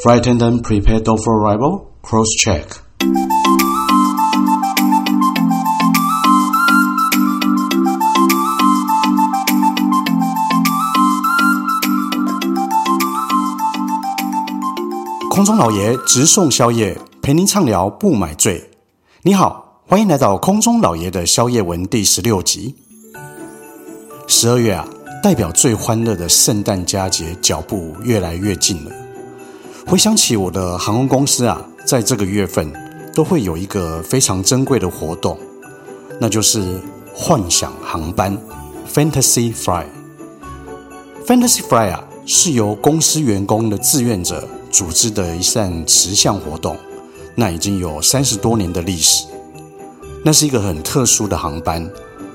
Flight attendants, prepare doors for arrival. Cross check. 空中老爺直送宵夜，陪您暢聊不買醉。你好，歡迎來到空中老爺的宵夜文第十六集。十二月啊，代表最歡樂的聖誕佳節，腳步越來越近了。回想起我的航空公司啊，在這個月份都會有一個非常珍貴的活動，那就是幻想航班 （Fantasy Flight）。Fantasy Flight 啊，是由公司員工的志願者組織的一項慈善活動，那已經有三十多年的歷史。那是一個很特殊的航班，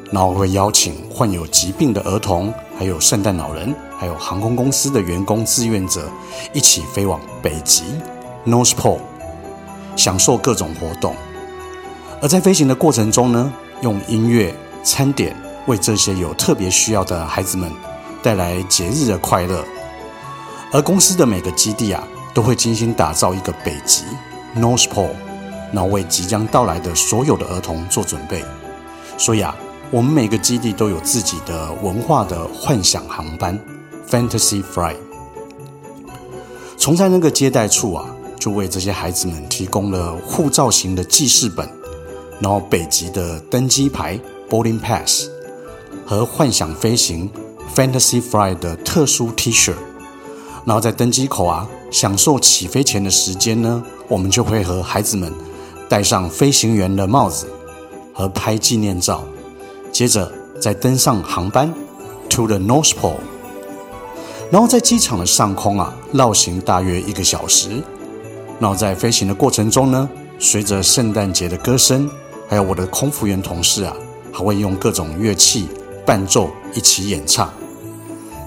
那我會邀請患有疾病的兒童。還有聖誕老人，還有航空公司的員工志願者，一起飛往北極 （North Pole），享受各種活動。而在飛行的過程中呢，用音樂、餐點為這些有特別需要的孩子們帶來節日的快樂。而公司的每個基地啊，都會精心打造一個北極 （North Pole），然後為即將到來的所有的兒童做準備。所以啊。我們每個基地都有自己的文化的幻想航班 （Fantasy Flight）。從在那個接待處啊，就為這些孩子們提供了護照型的記事本，然後北極的登機牌 （Boarding Pass） 和幻想飛行 （Fantasy f l 的特殊 t 的特殊 T 恤。然後在登機口啊，享受起飛前的時間呢，我們就會和孩子們戴上飛行員的帽子和拍紀念照。接着再登上航班，to the North Pole，然後在機場的上空啊繞行大約一個小時，然後在飛行的過程中呢，隨着聖誕節的歌聲，還有我的空服員同事啊，還會用各種樂器伴奏一起演唱。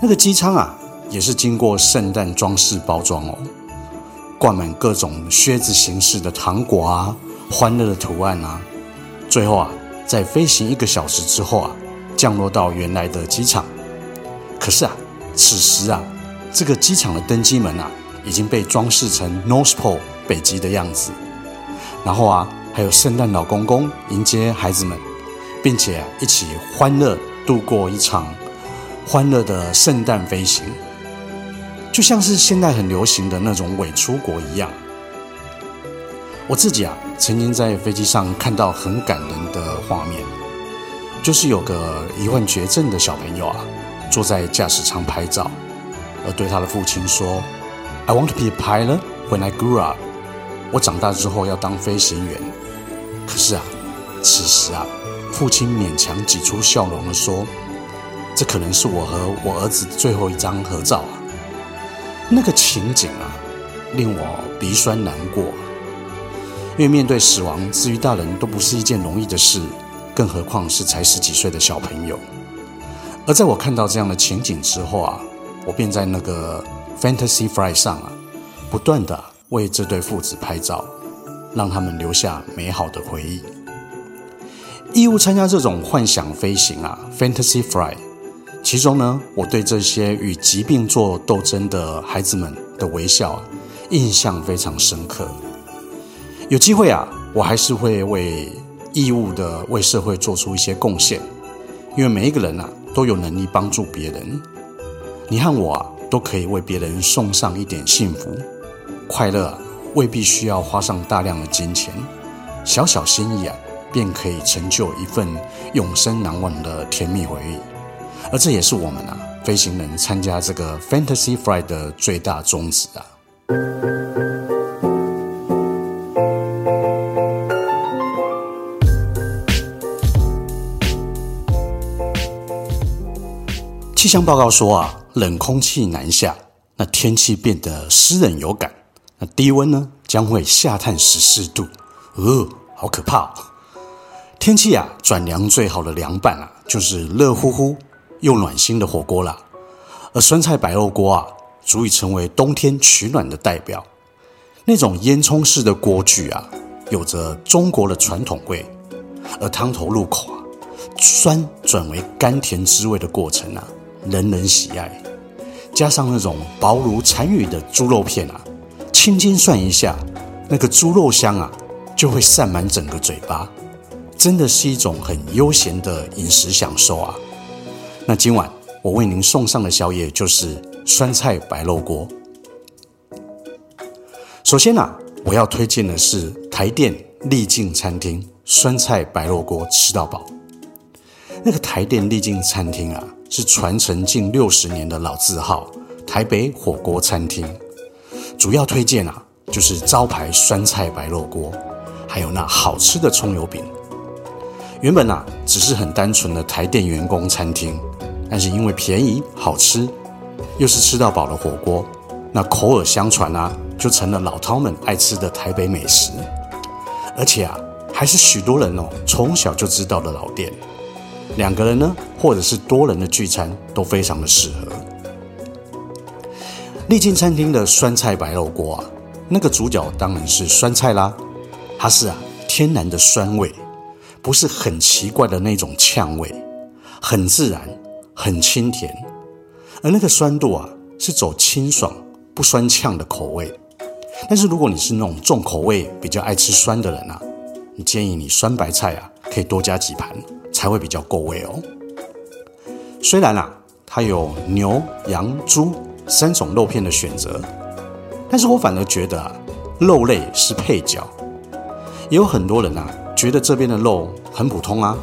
那個機艙啊，也是經過聖誕裝飾包裝哦，掛滿各種靴子形式的糖果啊，歡樂的圖案啊，最後啊。在飛行一個小時之後啊，降落到原來的機場。可是啊，此時啊，這個機場的登機門啊已經被裝飾成 North Pole 北極的樣子，然後啊，還有聖誕老公公迎接孩子們，並且啊，一起歡樂度過一場歡樂的聖誕飛行，就像是現在很流行的那種偽出國一樣。我自己啊。曾經在飛機上看到很感人的畫面，就是有個罹患絕症的小朋友啊，坐在駕駛艙拍照，而對他的父親說：“I want to be a pilot when I grew up，我長大之後要當飛行員。”可是啊，此時啊，父親勉強擠出笑容的說：“這可能是我和我兒子最後一張合照啊。”那個情景啊，令我鼻酸難過。因為面對死亡，之於大人都不是一件容易的事，更何況是才十幾歲的小朋友。而在我看到這樣的情景之後啊，我便在那個 Fantasy Flight 上啊，不斷的為這對父子拍照，讓他們留下美好的回憶。義務參加這種幻想飛行啊，Fantasy Flight，其中呢，我對這些與疾病做鬥爭的孩子們的微笑啊，印象非常深刻。有機會啊，我還是會為義務的為社會做出一些貢獻，因為每一個人啊都有能力幫助別人，你和我啊，都可以為別人送上一點幸福、快樂啊，未必需要花上大量的金錢，小小心意啊便可以成就一份永生難忘的甜蜜回憶，而這也是我們啊飛行人參加這個 Fantasy Flight 的最大宗旨啊。氣象報告說啊，冷空氣南下，那天氣變得濕冷有感，那低溫呢將會下探十四度，哦，好可怕哦！天氣啊轉涼，最好的涼拌啊就是熱乎乎又暖心的火鍋啦，而酸菜白肉鍋啊，足以成為冬天取暖的代表。那種煙囪式的鍋具啊，有着中國的傳統味，而湯頭入口啊，酸轉為甘甜滋味的過程啊。人人喜愛，加上那種薄如蟬羽的豬肉片啊，輕輕涮一下，那個豬肉香啊就會散滿整個嘴巴，真的是一種很悠閒的飲食享受啊。那今晚我為您送上的宵夜就是酸菜白肉鍋。首先啊，我要推薦的是台電勵進餐廳酸菜白肉鍋吃到飽。那個台電勵進餐廳啊。是傳承近六十年的老字號台北火鍋餐廳，主要推薦啊就是招牌酸菜白肉鍋，還有那好吃的蔥油餅。原本啊只是很單純的台電員工餐廳，但是因為便宜好吃，又是吃到飽的火鍋，那口耳相傳啊就成了老饕們愛吃的台北美食，而且啊還是許多人哦從小就知道的老店。兩個人呢，或者是多人的聚餐都非常的適合。勵進餐廳的酸菜白肉鍋啊，那個主角當然是酸菜啦。它是啊天然的酸味，不是很奇怪的那種嗆味，很自然，很清甜。而那個酸度啊，是走清爽不酸嗆的口味。但是如果你是那種重口味、比較愛吃酸的人啊，你建議你酸白菜啊可以多加幾盤。才會比較夠味哦。雖然啊，它有牛、羊、豬三種肉片的選擇，但是我反而覺得啊，肉類是配角。也有很多人啊，覺得這邊的肉很普通啊。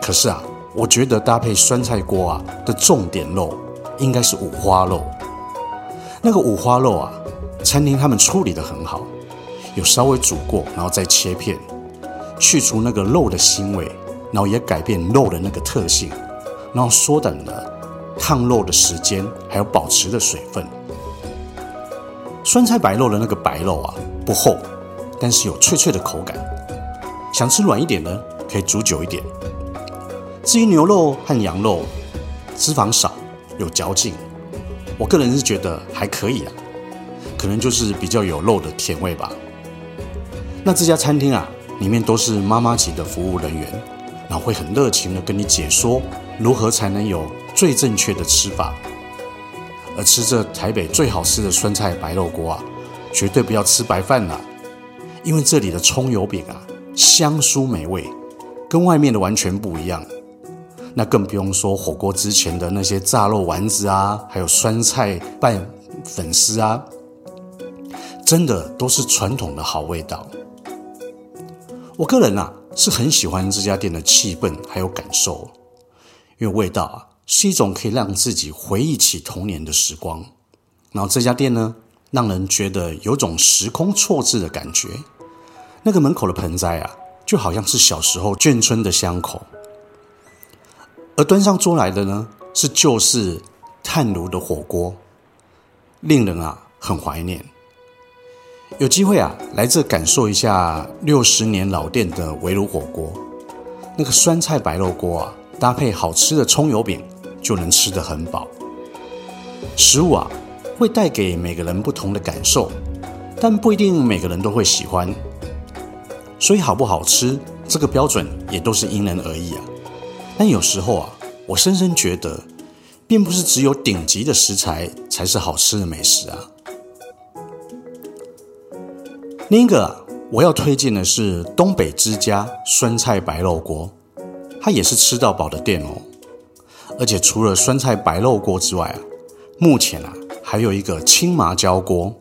可是啊，我覺得搭配酸菜鍋啊的重點肉應該是五花肉。那個五花肉啊，餐廳他們處理得很好，有稍微煮過，然後再切片，去除那個肉的腥味。然後也改變肉的那個特性，然後縮短了燙肉的時間，還有保持的水分。酸菜白肉的那個白肉啊，不厚，但是有脆脆的口感。想吃軟一點的，可以煮久一點。至於牛肉和羊肉，脂肪少，有嚼勁。我個人是覺得還可以啊，可能就是比較有肉的甜味吧。那這家餐廳啊，裡面都是媽媽級的服務人員。然後會很熱情的跟你解說如何才能有最正確的吃法，而吃着台北最好吃的酸菜白肉鍋啊，絕對不要吃白飯啦，因為這裡的蔥油餅啊，香酥美味，跟外面的完全不一樣。那更不用說火鍋之前的那些炸肉丸子啊，還有酸菜拌粉絲啊，真的都是傳統的好味道。我個人吶、啊。是很喜歡這家店的氣氛，還有感受，因為味道啊是一種可以讓自己回憶起童年的時光。然後這家店呢，讓人覺得有種時空錯置的感覺。那個門口的盆栽啊，就好像是小時候眷村的巷口，而端上桌來的呢，是舊式炭爐的火鍋，令人啊很懷念。有機會啊，來這感受一下六十年老店的圍爐火鍋，那個酸菜白肉鍋啊，搭配好吃的蔥油餅，就能吃得很飽。食物啊，會帶給每個人不同的感受，但不一定每個人都會喜歡。所以好不好吃，這個標準也都是因人而異啊。但有時候啊，我深深覺得，並不是只有頂級的食材才是好吃的美食啊。另一個啊，我要推薦的是東北之家酸菜白肉鍋，它也是吃到飽的店哦。而且除了酸菜白肉鍋之外啊，目前啊還有一個青麻椒鍋，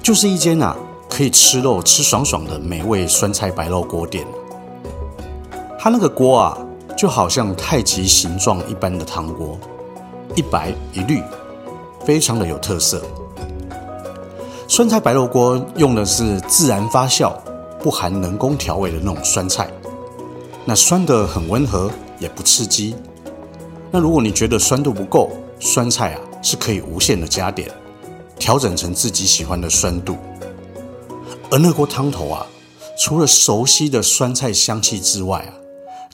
就是一間啊可以吃肉吃爽爽的美味酸菜白肉鍋店。它那個鍋啊，就好像太極形狀一般的湯鍋，一白一綠，非常的有特色。酸菜白肉鍋用的是自然發酵、不含人工調味的那種酸菜，那酸得很溫和，也不刺激。那如果你覺得酸度不夠，酸菜啊是可以無限的加點，調整成自己喜歡的酸度。而那鍋湯頭啊，除了熟悉的酸菜香氣之外啊，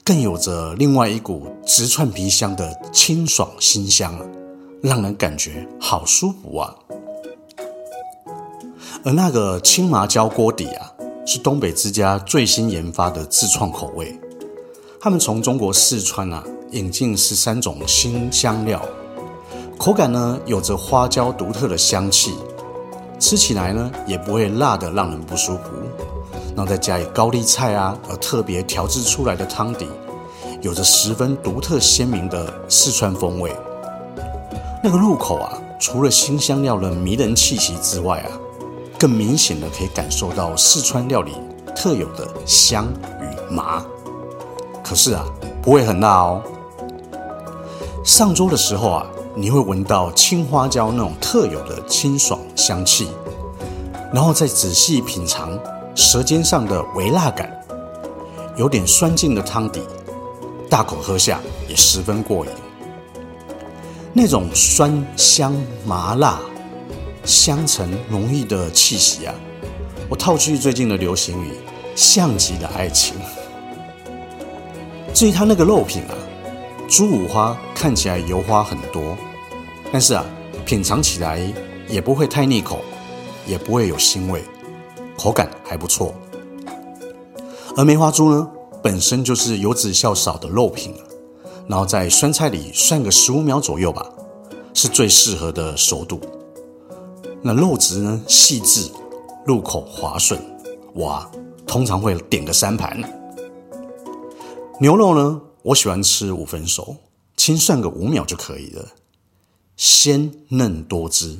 更有着另外一股直串鼻香的清爽辛香啊，讓人感覺好舒服啊。而那個青麻椒鍋底啊，是東北之家最新研發的自創口味。他們從中國四川啊引進十三種新香料，口感呢有着花椒獨特的香氣，吃起來呢也不會辣得讓人不舒服。然後再加以高麗菜啊而特別調制出來的湯底，有着十分獨特鮮明的四川風味。那個入口啊，除了新香料的迷人氣息之外啊。更明顯的可以感受到四川料理特有的香與麻。可是啊，不會很辣哦。上桌的時候啊，你會聞到青花椒那種特有的清爽香氣，然後再仔細品嘗舌尖上的微辣感，有點酸勁的湯底，大口喝下也十分過癮，那種酸香麻辣、香醇濃郁的氣息啊！我套去最近的流行語，像極了愛情。至於它那個肉品啊，豬五花看起來油花很多，但是啊，品嘗起來也不會太膩口，也不會有腥味，口感還不錯。而梅花豬呢，本身就是油脂較少的肉品，啊，然後在酸菜裡涮個十五秒左右吧，是最適合的熟度。那肉質呢，細緻，入口滑順，我啊，通常會點個三盤。牛肉呢，我喜歡吃五分熟，輕涮個五秒就可以了，鮮嫩多汁。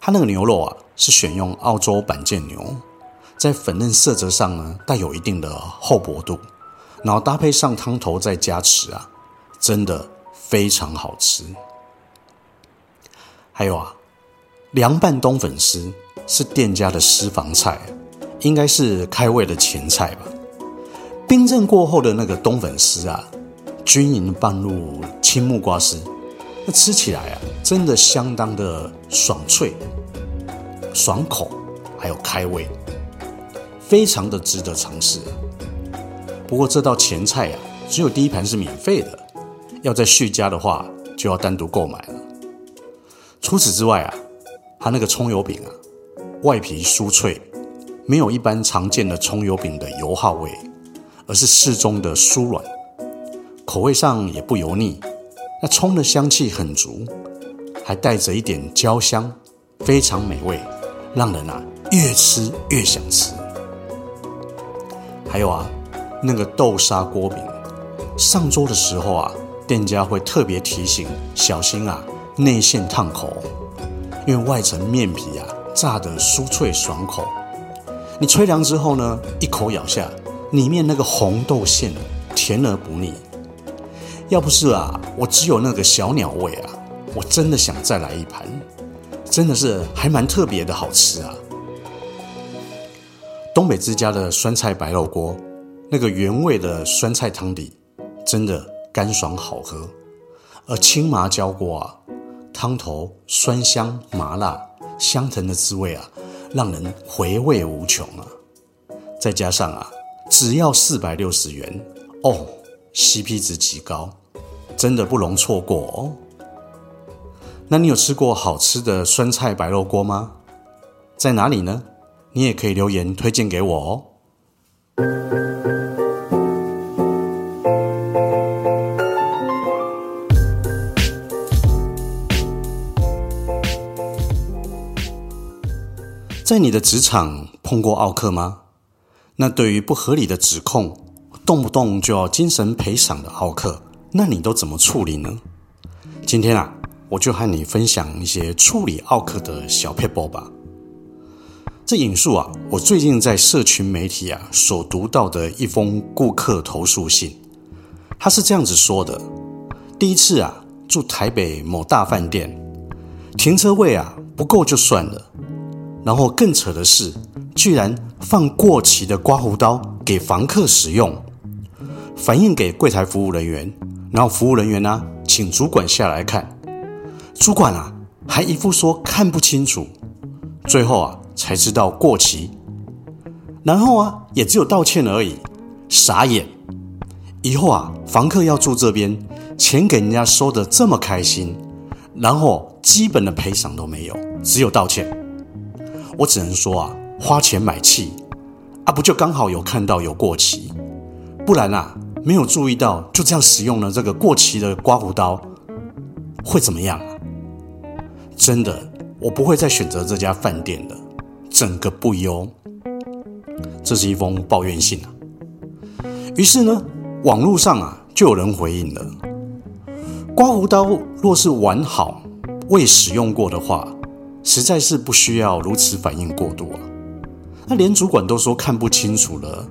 它那個牛肉啊，是選用澳洲板腱牛，在粉嫩色澤上呢，帶有一定的厚薄度，然後搭配上湯頭再加持啊，真的非常好吃。還有啊。涼拌冬粉絲是店家的私房菜，應該是開胃的前菜吧。冰鎮過後的那個冬粉絲啊，均勻拌入青木瓜絲，那吃起來啊，真的相當的爽脆、爽口，還有開胃，非常的值得嘗試。不過這道前菜啊，只有第一盤是免費的，要再續加的話，就要單獨購買了。除此之外啊。它那個蔥油餅啊，外皮酥脆，沒有一般常見的蔥油餅的油耗味，而是適中的酥軟，口味上也不油膩，那蔥的香氣很足，還帶着一點焦香，非常美味，讓人啊越吃越想吃。還有啊，那個豆沙鍋餅上桌的時候啊，店家會特別提醒小心啊內餡燙口。因為外層麵皮啊，炸得酥脆爽口。你吹涼之後呢，一口咬下，裡面那個紅豆餡甜而不膩。要不是啊，我只有那個小鳥胃啊，我真的想再來一盤，真的是還蠻特別的好吃啊。東北之家的酸菜白肉鍋，那個原味的酸菜湯底真的乾爽好喝，而青麻椒鍋啊。湯頭酸香麻辣香騰的滋味啊，讓人回味無窮啊！再加上啊，只要四百六十元哦，CP 值極高，真的不容錯過哦。那你有吃過好吃的酸菜白肉鍋嗎？在哪裡呢？你也可以留言推薦給我哦。在你的職場碰過奧克嗎？那對於不合理的指控，動不動就要精神賠償的奧克，那你都怎麼處理呢？今天啊，我就和你分享一些處理奧克的小配 e 吧。這引述啊，我最近在社群媒體啊所讀到的一封顧客投訴信，他是這樣子說的：第一次啊，住台北某大飯店，停車位啊不夠就算了。然後更扯的是，居然放過期的刮鬍刀給房客使用，反映給櫃檯服務人員，然後服務人員呢、啊、請主管下來看，主管啊還一副說看不清楚，最後啊才知道過期，然後啊也只有道歉而已，傻眼，以後啊房客要住這邊，錢給人家收的這麼開心，然後基本的賠償都沒有，只有道歉。我只能說啊，花錢買氣，啊不就剛好有看到有過期，不然啊，沒有注意到就這樣使用了這個過期的刮鬍刀，會怎麼樣啊？真的，我不會再選擇這家飯店了，整個不優。這是一封抱怨信啊。於是呢，網絡上啊就有人回應了：刮鬍刀若是完好未使用過的話。實在是不需要如此反應過度啊！那連主管都說看不清楚了，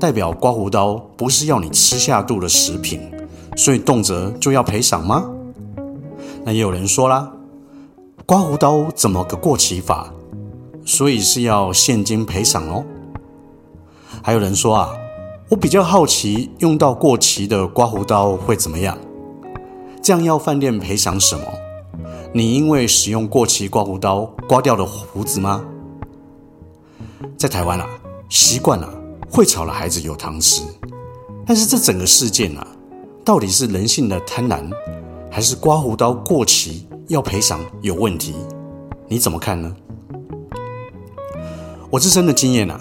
代表刮鬍刀不是要你吃下肚的食品，所以動輒就要賠償嗎？那也有人說啦，刮鬍刀怎麼個過期法？所以是要現金賠償哦。還有人說啊，我比較好奇用到過期的刮鬍刀會怎麼樣？這樣要飯店賠償什麼？你因為使用過期刮鬍刀刮掉了鬍子嗎？在台灣啊，習慣了，會吵了孩子有糖吃。但是這整個事件啊，到底是人性的貪婪，還是刮鬍刀過期要賠償有問題？你怎麼看呢？我自身的經驗啊，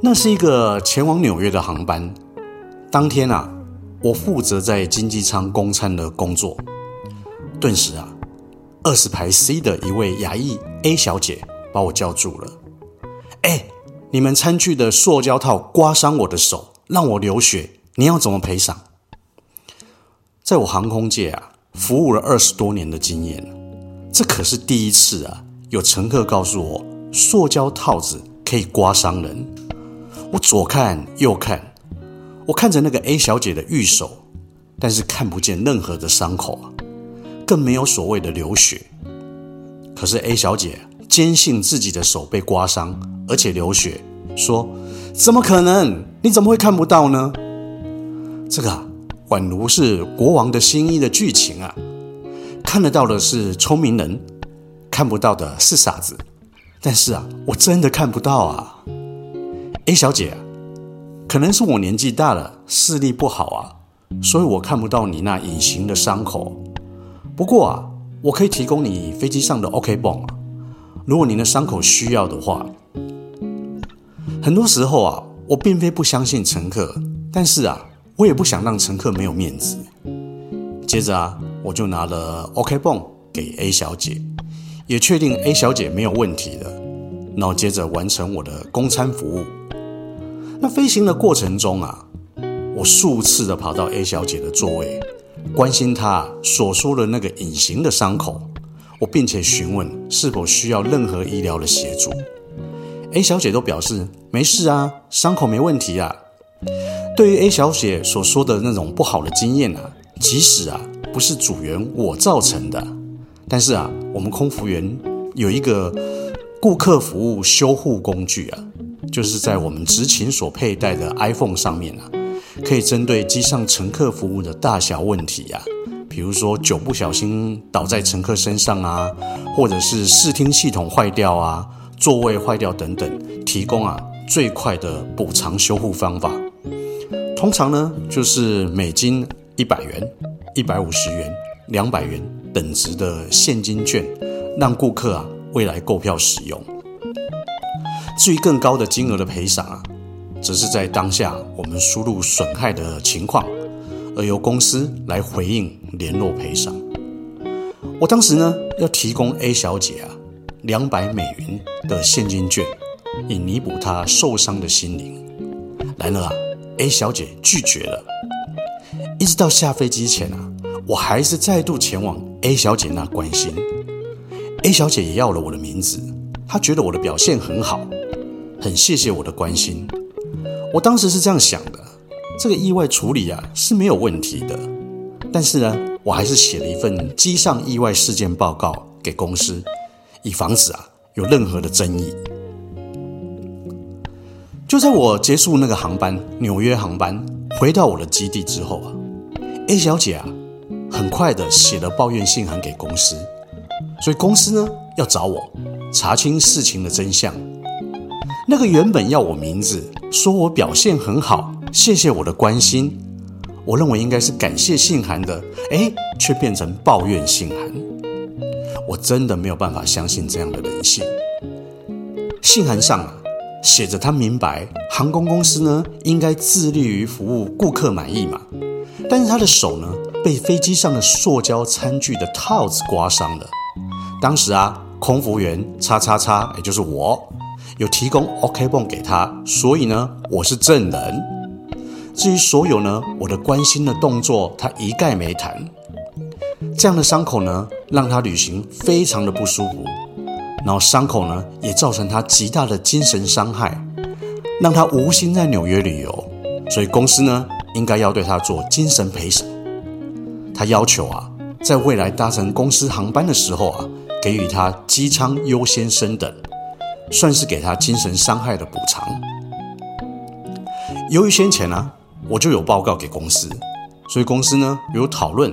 那是一個前往紐約的航班，當天啊，我負責在經濟艙供餐的工作，頓時啊。二十排 C 的一位牙醫 A 小姐把我叫住了：“誒、欸，你們餐具的塑膠套刮傷我的手，讓我流血，你要怎麼賠償？”在我航空界啊，服務了二十多年的經驗，這可是第一次啊，有乘客告訴我塑膠套子可以刮傷人。我左看右看，我看着那個 A 小姐的玉手，但是看不見任何的傷口。更沒有所謂的流血。可是 A 小姐堅信自己的手被刮傷，而且流血，說：“怎麼可能？你怎麼會看不到呢？”這個宛如是國王的新衣的劇情啊！看得到的是聰明人，看不到的是傻子。但是啊，我真的看不到啊！A 小姐，可能是我年紀大了，視力不好啊，所以我看不到你那隱形的傷口。不過啊，我可以提供你飛機上的 OK 繃啊，如果您的傷口需要的話。很多時候啊，我並非不相信乘客，但是啊，我也不想讓乘客沒有面子。接着啊，我就拿了 OK 繃給 A 小姐，也確定 A 小姐沒有問題了，然後接着完成我的供餐服務。那飛行的過程中啊，我數次的跑到 A 小姐的座位。關心他所說的那個隱形的傷口，我並且詢問是否需要任何醫療的協助。A 小姐都表示沒事啊，傷口沒問題啊。對於 A 小姐所說的那種不好的經驗啊，即使啊不是組員我造成的，但是啊我們空服員有一個顧客服務修護工具啊，就是在我們執勤所佩戴的 iPhone 上面啊。可以針對機上乘客服務的大小問題呀、啊，比如說酒不小心倒在乘客身上啊，或者是視聽系統壞掉啊，座位壞掉等等，提供啊最快的補償修復方法。通常呢，就是美金一百元、一百五十元、兩百元等值的現金券，讓顧客啊未來購票使用。至於更高的金額的賠償啊。只是在當下，我們輸入損害的情況，而由公司來回應聯絡賠償。我當時呢，要提供 A 小姐啊兩百美元的現金券，以彌補她受傷的心靈。然而啊，A 小姐拒絕了。一直到下飛機前啊，我還是再度前往 A 小姐那關心。A 小姐也要了我的名字，她覺得我的表現很好，很謝謝我的關心。我當時是這樣想的，這個意外處理啊是沒有問題的，但是呢，我還是寫了一份機上意外事件報告給公司，以防止啊有任何的爭議。就在我結束那個航班，紐約航班回到我的基地之後啊，A 小姐啊，很快的寫了抱怨信函給公司，所以公司呢要找我查清事情的真相。那個原本要我名字，說我表現很好，謝謝我的關心，我認為應該是感謝信函的，誒，卻變成抱怨信函。我真的沒有辦法相信這樣的人性。信函上啊，寫着他明白航空公司呢應該致力於服務顧客滿意嘛，但是他的手呢被飛機上的塑膠餐具的套子刮傷了。當時啊，空服員叉叉叉，也就是我。有提供 OK 繃給他，所以呢，我是證人。至於所有呢，我的關心的動作，他一概沒談。這樣的傷口呢，讓他旅行非常的不舒服，然後傷口呢，也造成他極大的精神傷害，讓他無心在紐約旅遊。所以公司呢，應該要對他做精神賠償。他要求啊，在未來搭乘公司航班的時候啊，給予他機艙優先升等。算是給她精神傷害的補償。由於先前呢、啊，我就有報告給公司，所以公司呢，有討論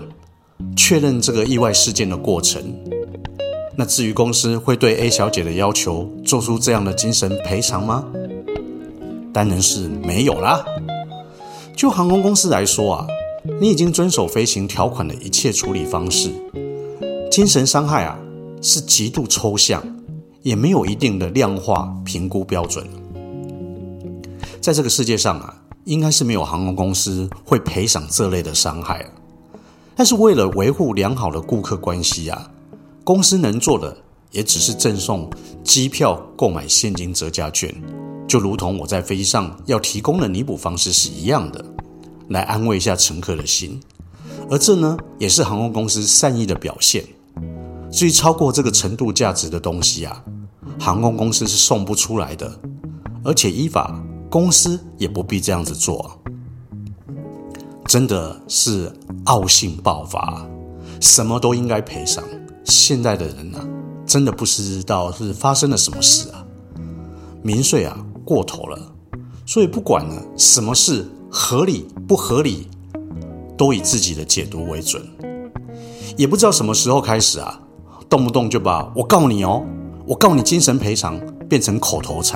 確認這個意外事件的過程。那至於公司會對 A 小姐的要求做出這樣的精神賠償嗎？當然是沒有啦。就航空公司來說啊，你已經遵守飛行條款的一切處理方式，精神傷害啊是極度抽象。也沒有一定的量化評估標準，在這個世界上啊，應該是沒有航空公司會賠償這類的傷害了。但是為了維護良好的顧客關係啊，公司能做的也只是贈送機票、購買現金折價券，就如同我在飛機上要提供的彌補方式是一樣的，來安慰一下乘客的心。而這呢，也是航空公司善意的表現。至於超過這個程度價值的東西啊，航空公司是送不出來的，而且依法公司也不必這樣子做啊。真的是奧性爆發，什麼都應該賠償。現在的人啊，真的不知,不知道是發生了什麼事啊，民粹啊過頭了。所以不管呢什麼事合理不合理，都以自己的解讀為準。也不知道什麼時候開始啊。動不動就把我告你哦、喔！我告你精神賠償變成口頭禪，誒、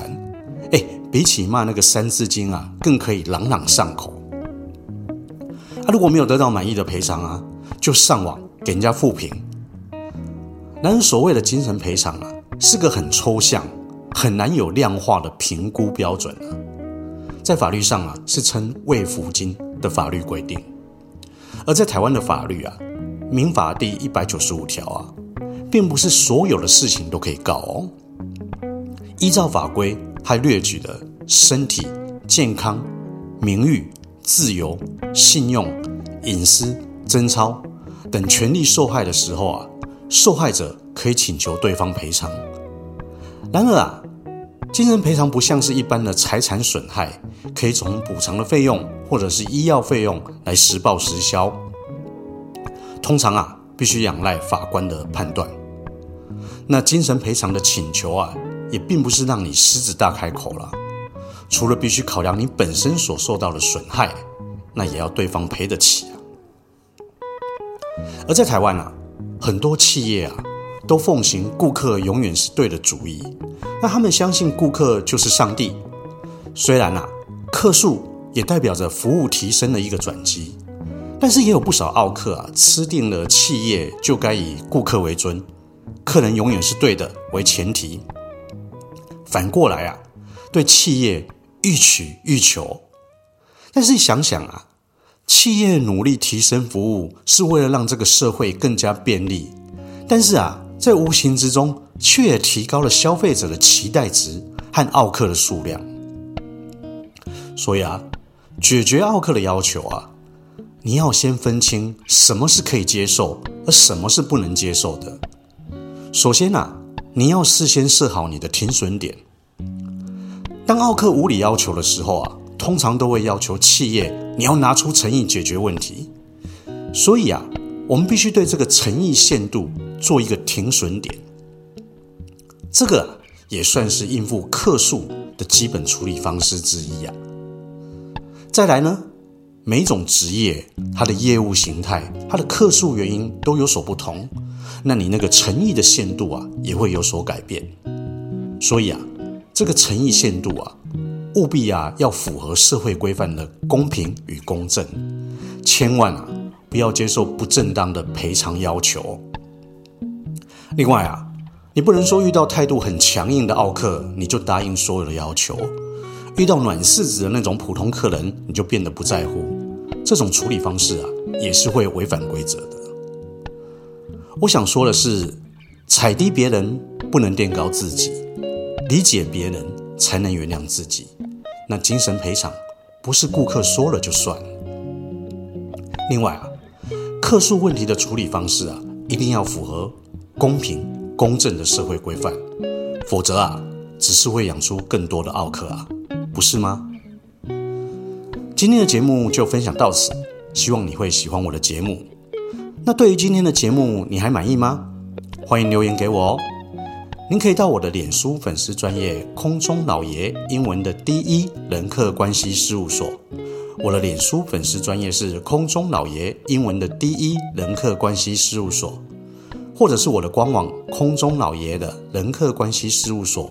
欸、比起罵那個三字經啊，更可以朗朗上口。他、啊、如果沒有得到滿意的賠償啊，就上網給人家負評。男人所謂的精神賠償啊，是個很抽象、很難有量化的評估標準啊，在法律上啊，是稱慰撫金的法律規定。而在台灣的法律啊，《民法》第一百九十五條啊。並不是所有的事情都可以告哦。依照法規，還列舉了身體健康、名譽、自由、信用、隱私、貞操等權利受害的時候啊，受害者可以請求對方賠償。然而啊，精神賠償不像是一般的財產損害，可以從補償的費用或者是醫藥費用來實報實銷。通常啊，必須仰賴法官的判斷。那精神賠償的請求啊，也並不是讓你獅子大開口啦。除了必須考量你本身所受到的損害，那也要對方賠得起啊。而在台灣啊，很多企業啊，都奉行“顧客永遠是對的”主義，那他們相信顧客就是上帝。雖然啊，客訴也代表着服務提升的一個轉機，但是也有不少奧客啊，吃定了企業就該以顧客為尊。客人永遠是對的為前提，反過來啊，對企業予取予求，但是想想啊，企業努力提升服務是為了讓這個社會更加便利，但是啊，在無形之中卻也提高了消費者的期待值和奧客的數量。所以啊，解決奧客的要求啊，你要先分清什麼是可以接受，而什麼是不能接受的。首先啊，你要事先設好你的停損點。當奧客無理要求的時候啊，通常都會要求企業你要拿出誠意解決問題。所以啊，我們必須對這個誠意限度做一個停損點。這個啊，也算是應付客訴的基本處理方式之一啊。再來呢？每種職業，它的業務形態、它的客訴原因都有所不同，那你那個誠意的限度啊，也會有所改變。所以啊，這個誠意限度啊，務必啊要符合社會規範的公平與公正，千萬啊不要接受不正當的賠償要求。另外啊，你不能說遇到態度很強硬的奧客，你就答應所有的要求；遇到軟柿子的那種普通客人，你就變得不在乎。這種處理方式啊，也是會違反規則的。我想說的是，踩低別人不能墊高自己，理解別人才能原諒自己。那精神賠償不是顧客說了就算。另外啊，客訴問題的處理方式啊，一定要符合公平、公正的社會規範，否則啊，只是會養出更多的奧客啊，不是嗎？今天的節目就分享到此，希望你會喜歡我的節目。那對於今天的節目，你還滿意嗎？歡迎留言給我哦。您可以到我的臉書粉絲專業“空中老爺英文的 de 人客關係事務所”，我的臉書粉絲專業是“空中老爺英文的 de 人客關係事務所”，或者是我的官網“空中老爺的人客關係事務所”。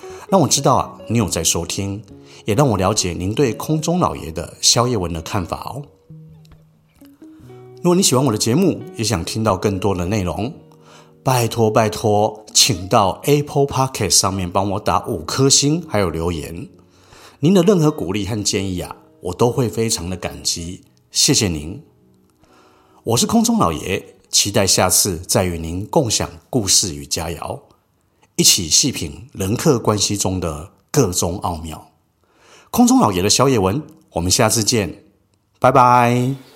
讓我知道啊，你有在收聽，也讓我了解您對空中老爺的宵夜文的看法哦。如果你喜歡我的節目，也想聽到更多的內容，拜托拜托，請到 Apple Podcast 上面幫我打五顆星，還有留言。您的任何鼓勵和建議啊，我都會非常的感激，謝謝您。我是空中老爺，期待下次再與您共享故事與佳肴。一起細品人客關係中的各種奧妙。空中老爺的宵夜文，我們下次見，拜拜。